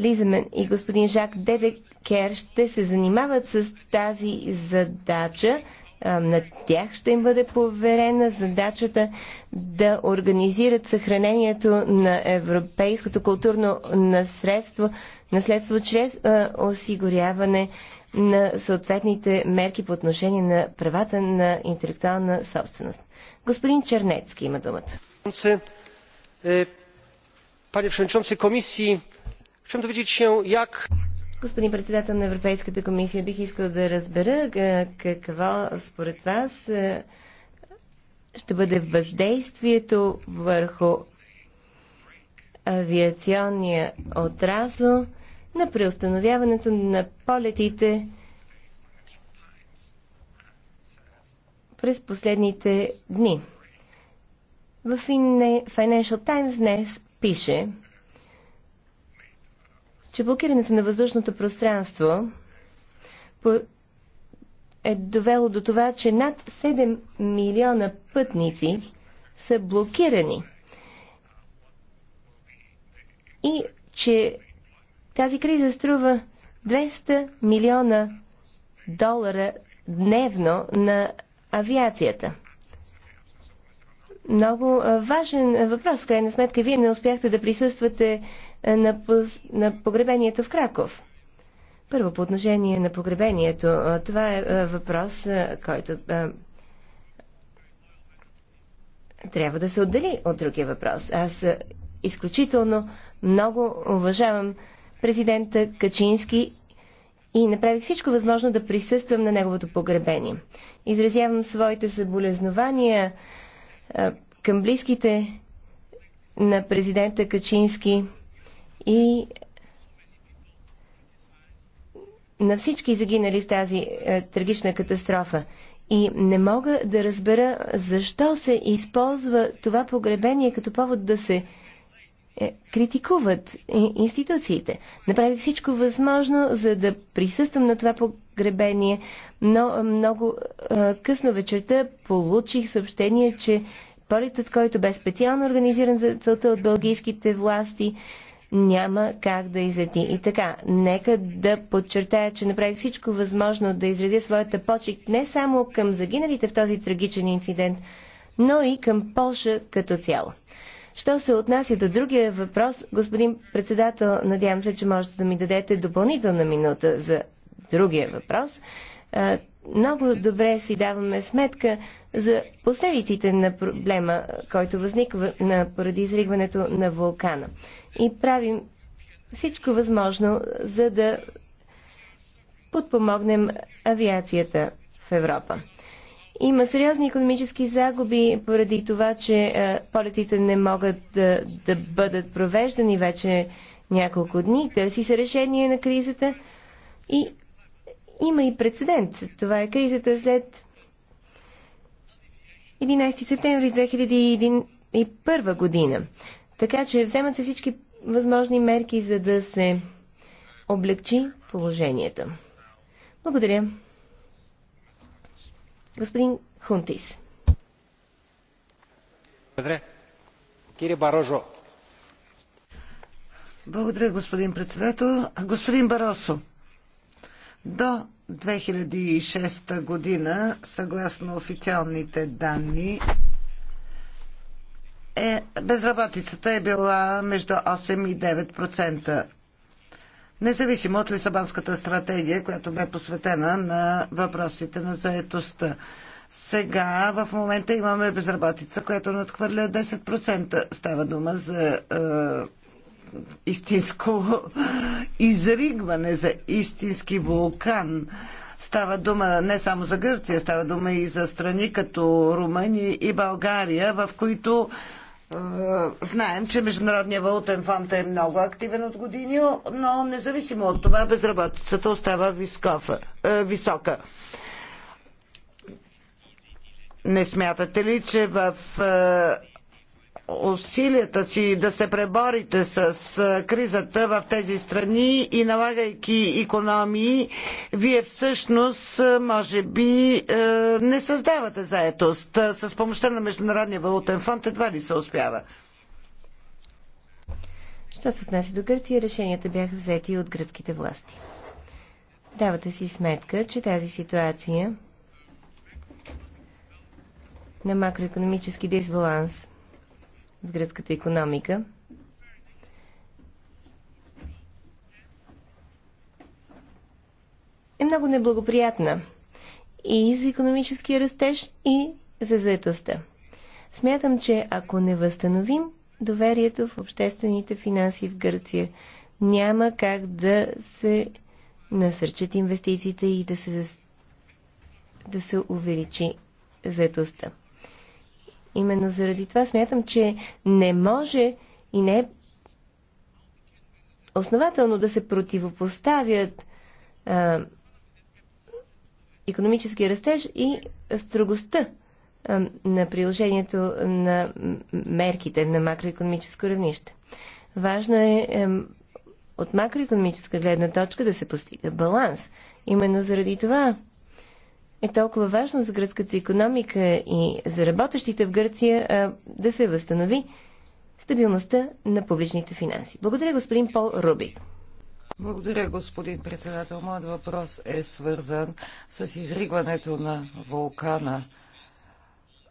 Лизамен и господин Жак Дедекер ще се занимават с тази задача. На тях ще им бъде поверена задачата да организират съхранението на европейското културно наследство, наследство чрез осигуряване на съответните мерки по отношение на правата на интелектуална собственост. Господин Чернецки има думата. Е, пане Przewodniczący комисии. Chciałem dowiedzieć się, jak... Господин председател на Европейската комисия, бих искал да разбера какво според вас ще бъде въздействието върху авиационния отрасъл на преустановяването на полетите през последните дни. В Financial Times днес пише, че блокирането на въздушното пространство е довело до това, че над 7 милиона пътници са блокирани и че тази криза струва 200 милиона долара дневно на авиацията. Много важен въпрос, крайна сметка. Вие не успяхте да присъствате е, на, на погребението в Краков. Първо, по отношение на погребението. Това е, е въпрос, който трябва да се отдели от другия въпрос. Аз изключително много уважавам президента Качински и направих всичко възможно да присъствам на неговото погребение. Изразявам своите съболезнования към близките на президента Качински и на всички загинали в тази е, трагична катастрофа. И не мога да разбера защо се използва това погребение като повод да се е, критикуват е, институциите. Направих всичко възможно, за да присъствам на това погребение, но е, много е, късно вечерта получих съобщение, че полетът, който бе специално организиран за целта от бългийските власти, няма как да излети. И така, нека да подчертая, че направих всичко възможно да изредя своята почет не само към загиналите в този трагичен инцидент, но и към Полша като цяло. Що се отнася до другия въпрос, господин председател, надявам се, че можете да ми дадете допълнителна минута за другия въпрос много добре си даваме сметка за последиците на проблема, който възниква на, поради изригването на вулкана. И правим всичко възможно, за да подпомогнем авиацията в Европа. Има сериозни економически загуби поради това, че е, полетите не могат да, да бъдат провеждани вече няколко дни. Търси се решение на кризата и има и прецедент. Това е кризата след 11 септември 2001 година. Така че вземат се всички възможни мерки, за да се облегчи положението. Благодаря. Господин Хунтис. Благодаря. Кири Барожо. Благодаря, господин председател. Господин Баросо, до 2006 година, съгласно официалните данни, е, безработицата е била между 8 и 9%. Независимо от Лисабонската стратегия, която бе посветена на въпросите на заетостта. Сега, в момента имаме безработица, която надхвърля 10%. Става дума за е, истинско изригване, за истински вулкан. Става дума не само за Гърция, става дума и за страни като Румъния и България, в които е, знаем, че Международният валутен фонд е много активен от години, но независимо от това безработицата остава вискофа, е, висока. Не смятате ли, че в е, усилията си да се преборите с кризата в тези страни и налагайки економии, вие всъщност може би не създавате заетост. С помощта на Международния валутен фонд едва ли се успява. Що се отнася до Гърция, решенията бяха взети от гръцките власти. Давате си сметка, че тази ситуация на макроекономически дисбаланс – в гръцката економика. е много неблагоприятна и за економическия растеж, и за заедостта. Смятам, че ако не възстановим доверието в обществените финанси в Гърция, няма как да се насърчат инвестициите и да се, да се увеличи заедостта. Именно заради това смятам, че не може и не е основателно да се противопоставят а, економически растеж и строгостта а, на приложението на мерките на макроекономическо равнище. Важно е а, е, от макроекономическа гледна точка да се постига баланс. Именно заради това е толкова важно за гръцката економика и за работещите в Гърция а, да се възстанови стабилността на публичните финанси. Благодаря, господин Пол Рубик. Благодаря, господин председател. Моят въпрос е свързан с изригването на вулкана.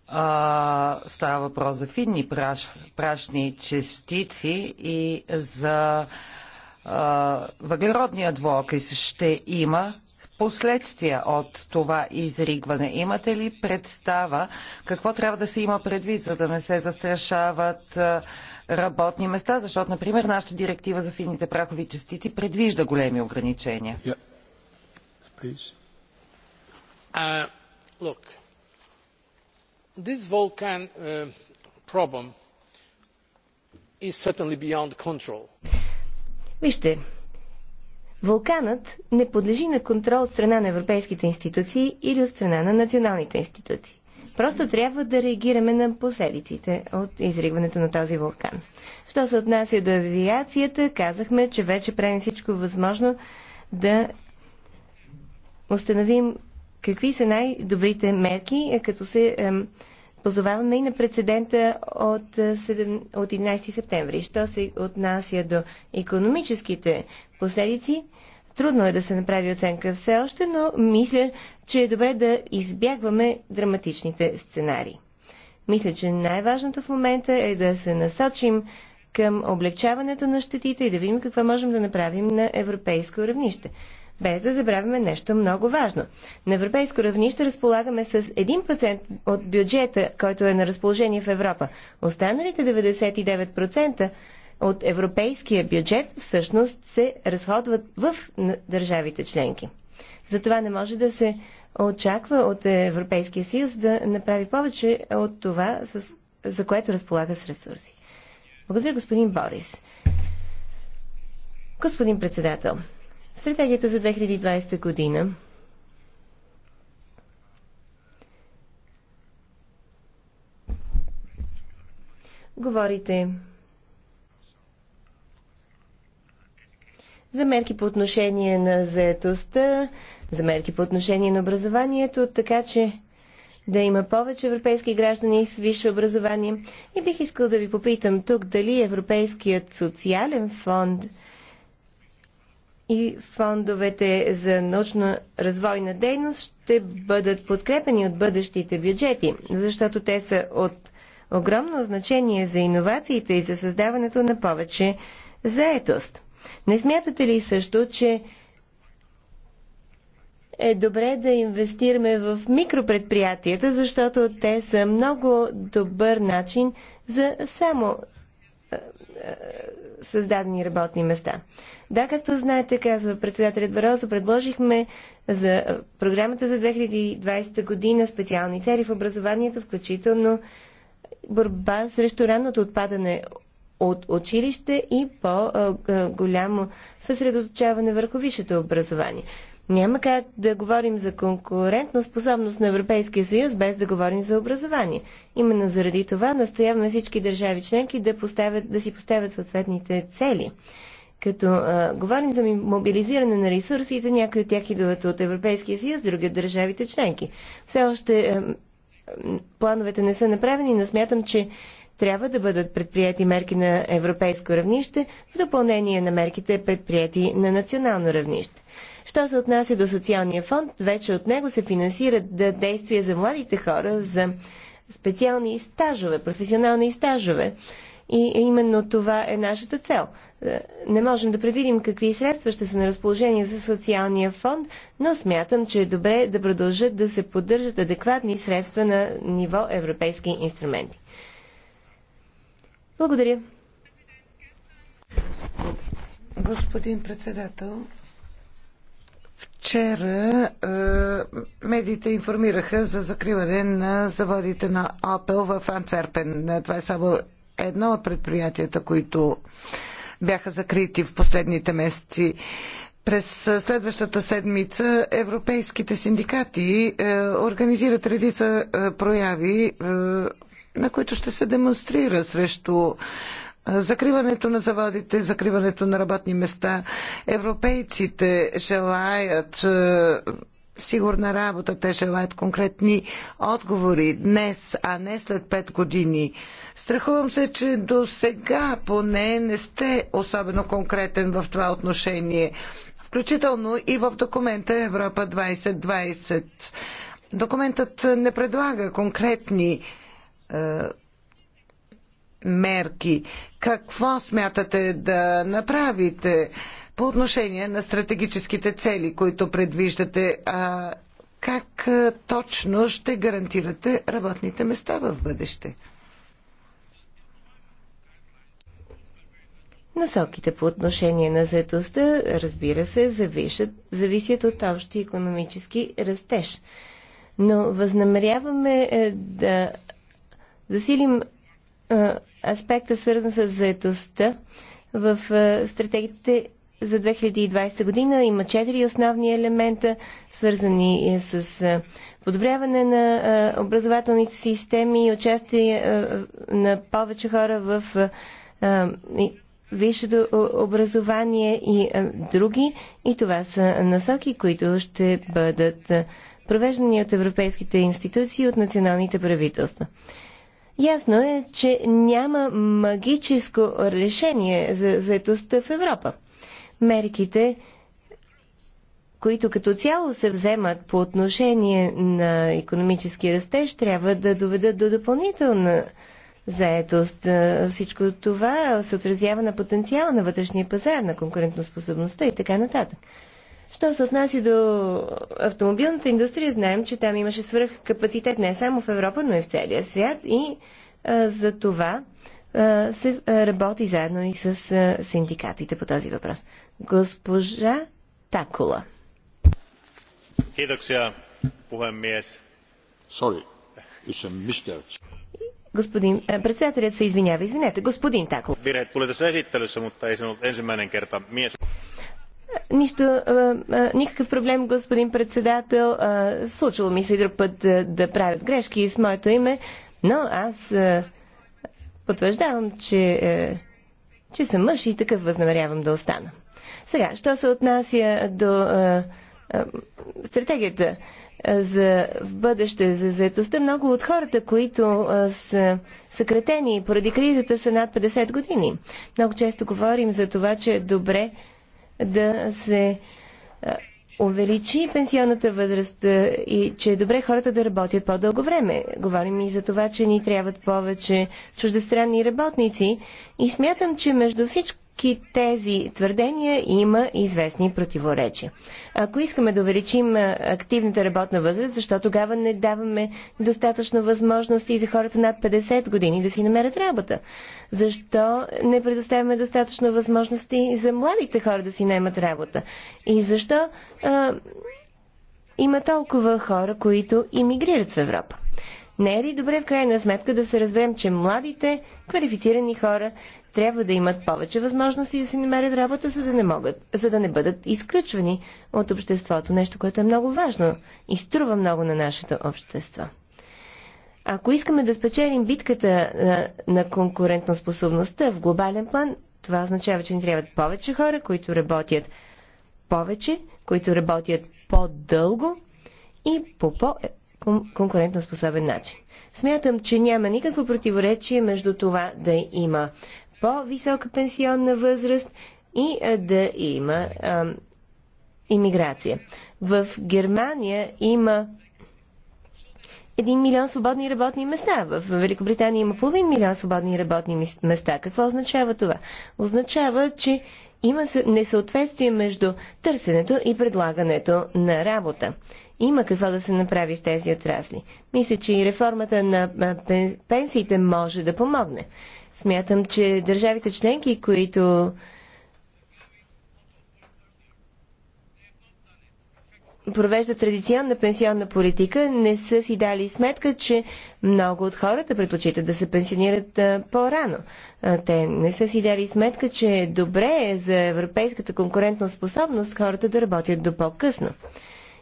А, става въпрос за финни праш, прашни частици и за а, въглеродния двоокис ще има последствия от това изригване? Имате ли представа какво трябва да се има предвид, за да не се застрашават работни места? Защото, например, нашата директива за фините прахови частици предвижда големи ограничения. Yeah. Uh, look, this uh, problem is certainly beyond control. Вижте, Вулканът не подлежи на контрол от страна на европейските институции или от страна на националните институции. Просто трябва да реагираме на последиците от изригването на този вулкан. Що се отнася до авиацията, казахме, че вече правим всичко възможно да установим какви са най-добрите мерки, като се ем, позоваваме и на прецедента от, 7, е, от 11 септември. Що се отнася до економическите последици, трудно е да се направи оценка все още, но мисля, че е добре да избягваме драматичните сценарии. Мисля, че най-важното в момента е да се насочим към облегчаването на щетите и да видим какво можем да направим на европейско равнище без да забравяме нещо много важно. На европейско равнище разполагаме с 1% от бюджета, който е на разположение в Европа. Останалите 99% от европейския бюджет всъщност се разходват в държавите членки. Затова не може да се очаква от Европейския съюз да направи повече от това, за което разполага с ресурси. Благодаря, господин Борис. Господин председател, Стратегията за 2020 година говорите за мерки по отношение на заетостта, за мерки по отношение на образованието, така че да има повече европейски граждани с висше образование. И бих искал да ви попитам тук дали Европейският социален фонд – и фондовете за научно-развойна дейност ще бъдат подкрепени от бъдещите бюджети, защото те са от огромно значение за иновациите и за създаването на повече заетост. Не смятате ли също, че е добре да инвестираме в микропредприятията, защото те са много добър начин за само създадени работни места. Да, както знаете, казва председателят Барозо, предложихме за програмата за 2020 година специални цели в образованието, включително борба срещу ранното отпадане от училище и по-голямо съсредоточаване върху висшето образование. Няма как да говорим за конкурентна способност на Европейския съюз без да говорим за образование. Именно заради това настояваме всички държави членки да, поставят, да си поставят съответните цели. Като а, говорим за мобилизиране на ресурсите, някои от тях идват от Европейския съюз, други от държавите членки. Все още а, плановете не са направени, но смятам, че трябва да бъдат предприяти мерки на европейско равнище в допълнение на мерките предприяти на национално равнище. Що се отнася до социалния фонд, вече от него се финансират да действия за младите хора, за специални стажове, професионални стажове. И именно това е нашата цел. Е, не можем да предвидим какви средства ще са на разположение за социалния фонд, но смятам, че е добре да продължат да се поддържат адекватни средства на ниво европейски инструменти. Благодаря. Господин председател, Вчера е, медиите информираха за закриване на заводите на Опел в Антверпен. Това е само едно от предприятията, които бяха закрити в последните месеци. През следващата седмица европейските синдикати е, организират редица е, прояви, е, на които ще се демонстрира срещу закриването на заводите, закриването на работни места. Европейците желаят е, сигурна работа, те желаят конкретни отговори днес, а не след пет години. Страхувам се, че до сега поне не сте особено конкретен в това отношение, включително и в документа Европа 2020. Документът не предлага конкретни е, мерки. Какво смятате да направите по отношение на стратегическите цели, които предвиждате? А как точно ще гарантирате работните места в бъдеще? Насоките по отношение на заедостта, разбира се, завишат зависят от общи економически растеж. Но възнамеряваме е, да засилим аспекта, свързан с заедостта в стратегиите за 2020 година. Има четири основни елемента, свързани е, с подобряване на образователните системи и участие на повече хора в висшето образование и други. И това са насоки, които ще бъдат провеждани от европейските институции и от националните правителства. Ясно е, че няма магическо решение за заетостта в Европа. Мерките, които като цяло се вземат по отношение на економически растеж, трябва да доведат до допълнителна заетост. Е, всичко това се отразява на потенциала на вътрешния пазар, на конкурентоспособността и така нататък. Що се отнася до автомобилната индустрия, знаем, че там имаше капацитет не само в Европа, но и в целия свят и а, за това а, се работи заедно и с а, синдикатите по този въпрос. Госпожа Такула. Kiitoksia, puhemies. Sorry, it's a mistake. Господин, председателят се извинява. Извинете, господин Такула. Virheet tuli tässä esittelyssä, mutta ei se керта ensimmäinen kerta mies. Нищо, а, а, никакъв проблем, господин председател. А, случило ми се друг път а, да правят грешки с моето име, но аз а, потвърждавам, че, а, че съм мъж и такъв възнамерявам да остана. Сега, що се отнася до а, а, стратегията за в бъдеще за заетостта, много от хората, които а, са съкратени поради кризата, са над 50 години. Много често говорим за това, че е добре да се увеличи пенсионната възраст и че е добре хората да работят по-дълго време. Говорим и за това, че ни трябват повече чуждестранни работници и смятам, че между всички тези твърдения има известни противоречия. Ако искаме да увеличим активната работна възраст, защо тогава не даваме достатъчно възможности за хората над 50 години да си намерят работа? Защо не предоставяме достатъчно възможности за младите хора да си наймат работа? И защо а, има толкова хора, които иммигрират в Европа? Не е ли добре в крайна сметка да се разберем, че младите, квалифицирани хора трябва да имат повече възможности да си намерят работа, за да не могат, за да не бъдат изключвани от обществото, нещо, което е много важно и струва много на нашето общество. Ако искаме да спечелим битката на, на конкурентоспособността в глобален план, това означава, че ни трябват повече хора, които работят повече, които работят по-дълго и по по способен начин. Смятам, че няма никакво противоречие между това да има по-висока пенсионна възраст и да има а, иммиграция. В Германия има 1 милион свободни работни места. В Великобритания има половин милион свободни работни места. Какво означава това? Означава, че има несъответствие между търсенето и предлагането на работа. Има какво да се направи в тези отрасли. Мисля, че и реформата на пенсиите може да помогне. Смятам, че държавите членки, които провежда традиционна пенсионна политика, не са си дали сметка, че много от хората предпочитат да се пенсионират по-рано. те не са си дали сметка, че е добре е за европейската конкурентна способност хората да работят до по-късно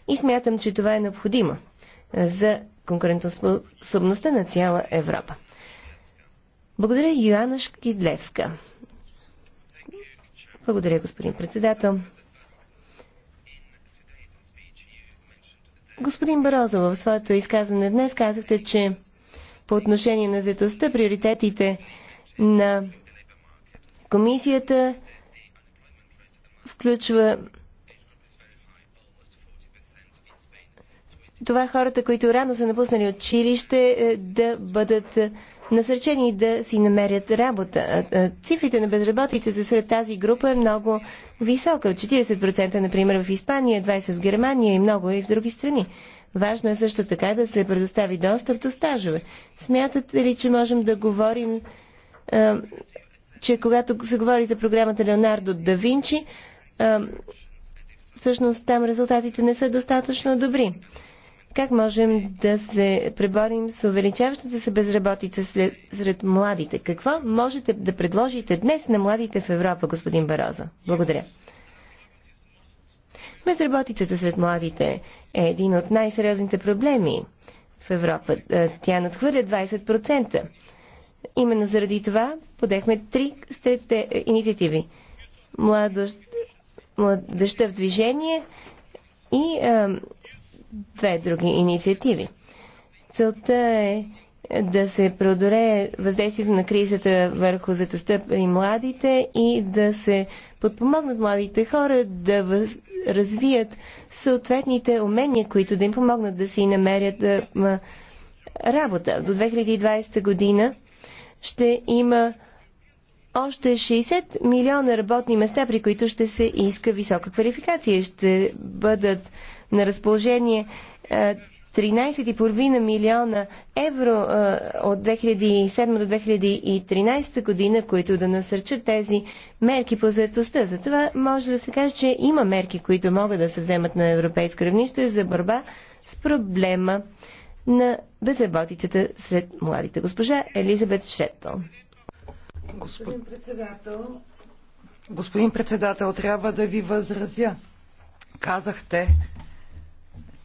и смятам, че това е необходимо за конкурентоспособността на цяла Европа. Благодаря Йоанна Шкидлевска. Благодаря, господин председател. Господин Барозо, в своето изказване днес казахте, че по отношение на заедостта, приоритетите на комисията включва това е хората, които рано са напуснали училище, е, да бъдат е, насърчени да си намерят работа. Цифрите на безработицата сред тази група е много висока. 40% например в Испания, 20% в Германия и много и в други страни. Важно е също така да се предостави достъп до стажове. Смятате ли, че можем да говорим, че когато се говори за програмата Леонардо да Винчи, всъщност там резултатите не са достатъчно добри. Как можем да се преборим с увеличаващата се безработица след, сред младите? Какво можете да предложите днес на младите в Европа, господин Бароза? Благодаря. Безработицата сред младите е един от най-сериозните проблеми в Европа. Е, тя надхвърля 20%. Именно заради това подехме три стрете, е, инициативи. Младост, младеща в движение и а, две други инициативи. Целта е да се преодолее въздействието на кризата върху заетостта при младите и да се подпомогнат младите хора да въз... развият съответните умения, които да им помогнат да си намерят да... работа. До 2020 година ще има още 60 милиона работни места, при които ще се иска висока квалификация. Ще бъдат на разположение 13,5 е, милиона евро е, от 2007 до 2013 година, които да насърчат тези мерки по заедостта. Затова може да се каже, че има мерки, които могат да се вземат на европейско равнище за борба с проблема на безработицата сред младите. Госпожа Елизабет Шетпъл. Господин председател, господин председател, трябва да ви възразя. Казахте,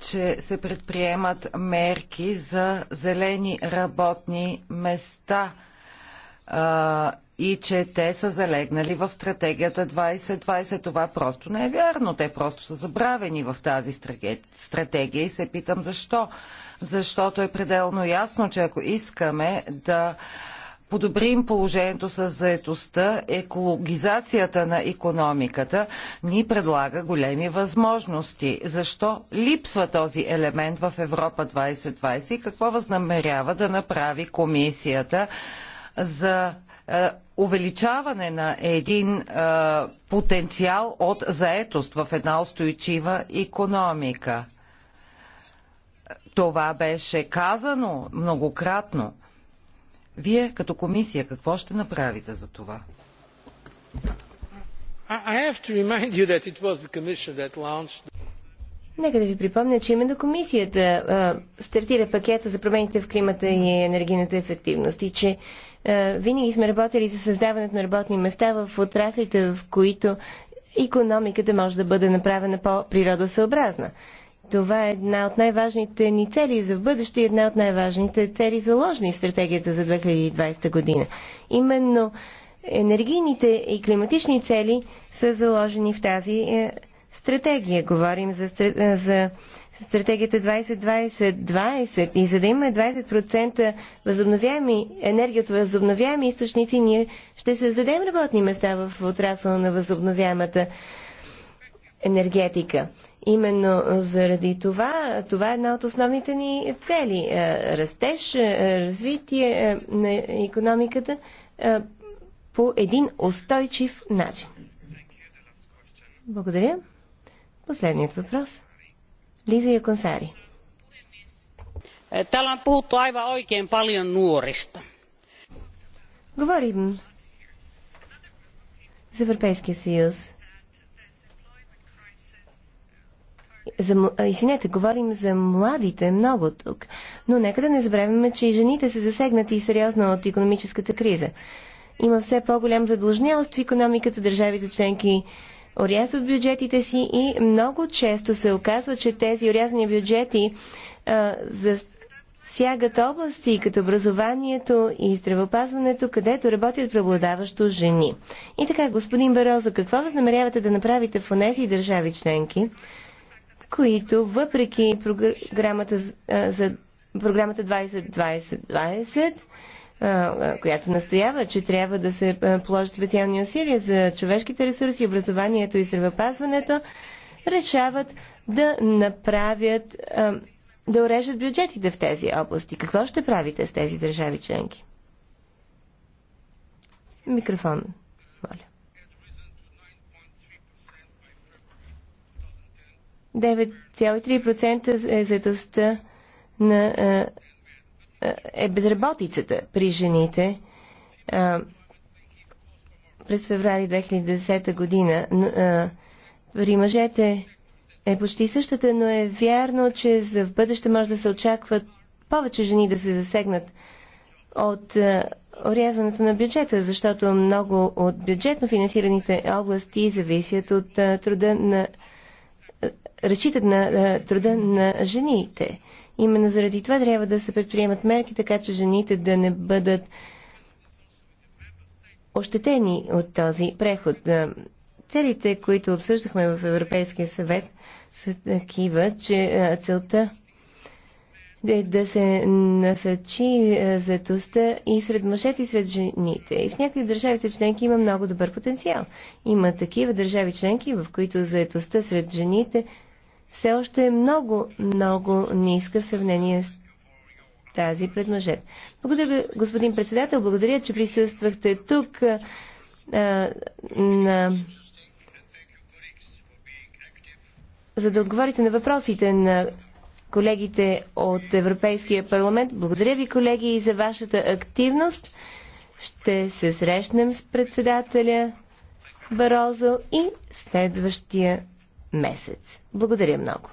че се предприемат мерки за зелени работни места а, и че те са залегнали в стратегията 2020. Това просто не е вярно. Те просто са забравени в тази стратегия и се питам защо. Защото е пределно ясно, че ако искаме да подобрим положението с заетостта, екологизацията на економиката ни предлага големи възможности. Защо липсва този елемент в Европа 2020 и какво възнамерява да направи комисията за е, увеличаване на един е, потенциал от заетост в една устойчива економика? Това беше казано многократно вие като комисия какво ще направите за това? Нека да ви припомня, че именно комисията а, стартира пакета за промените в климата и енергийната ефективност и че а, винаги сме работили за създаването на работни места в отраслите, в които економиката може да бъде направена по-природосъобразна. Това е една от най-важните ни цели за в бъдеще и една от най-важните цели заложени в стратегията за 2020 година. Именно енергийните и климатични цели са заложени в тази е, стратегия. Говорим за, е, за стратегията 2020 20 и за да има 20% възобновяеми, енергия от възобновяеми източници, ние ще създадем работни места в отрасъла на възобновяемата енергетика. Именно заради това, това е една от основните ни цели. Е, растеж, е, развитие е, на економиката по един устойчив начин. Благодаря. Последният въпрос. Лиза Яконсари. Täällä on puhuttu aivan oikein paljon nuorista. Говорим за Европейския съюз. За, извинете, говорим за младите много тук, но нека да не забравяме, че и жените са засегнати и сериозно от економическата криза. Има все по-голям задължнялост в економиката, държавите членки орязват бюджетите си и много често се оказва, че тези орязани бюджети а, сягат области като образованието и здравеопазването, където работят преобладаващо жени. И така, господин Барозо, какво възнамерявате да направите в онези държави членки, които въпреки програмата за програмата 2020-2020, която настоява, че трябва да се положат специални усилия за човешките ресурси, образованието и здравеопазването, решават да направят, да урежат бюджетите в тези области. Какво ще правите с тези държави членки? Микрофон, моля. 9,3% е заедостта на е безработицата при жените през феврари 2010 година. При мъжете е почти същата, но е вярно, че за в бъдеще може да се очакват повече жени да се засегнат от орязването на бюджета, защото много от бюджетно финансираните области зависят от труда на разчитат на труда на жените. Именно заради това трябва да се предприемат мерки, така че жените да не бъдат ощетени от този преход. Е, целите, които обсъждахме в Европейския съвет, са такива, че е, целта да, да се насърчи е, заетостта и сред мъжете, и сред жените. И в някои държавите членки има много добър потенциал. Има такива държави членки, в които заетостта сред жените все още е много, много ниска в сравнение с тази пред мъжете. Благодаря, господин председател. Благодаря, че присъствахте тук а, е, е, на за да отговорите на въпросите на колегите от Европейския парламент. Благодаря ви, колеги, и за вашата активност. Ще се срещнем с председателя Барозо и следващия месец. Благодаря много.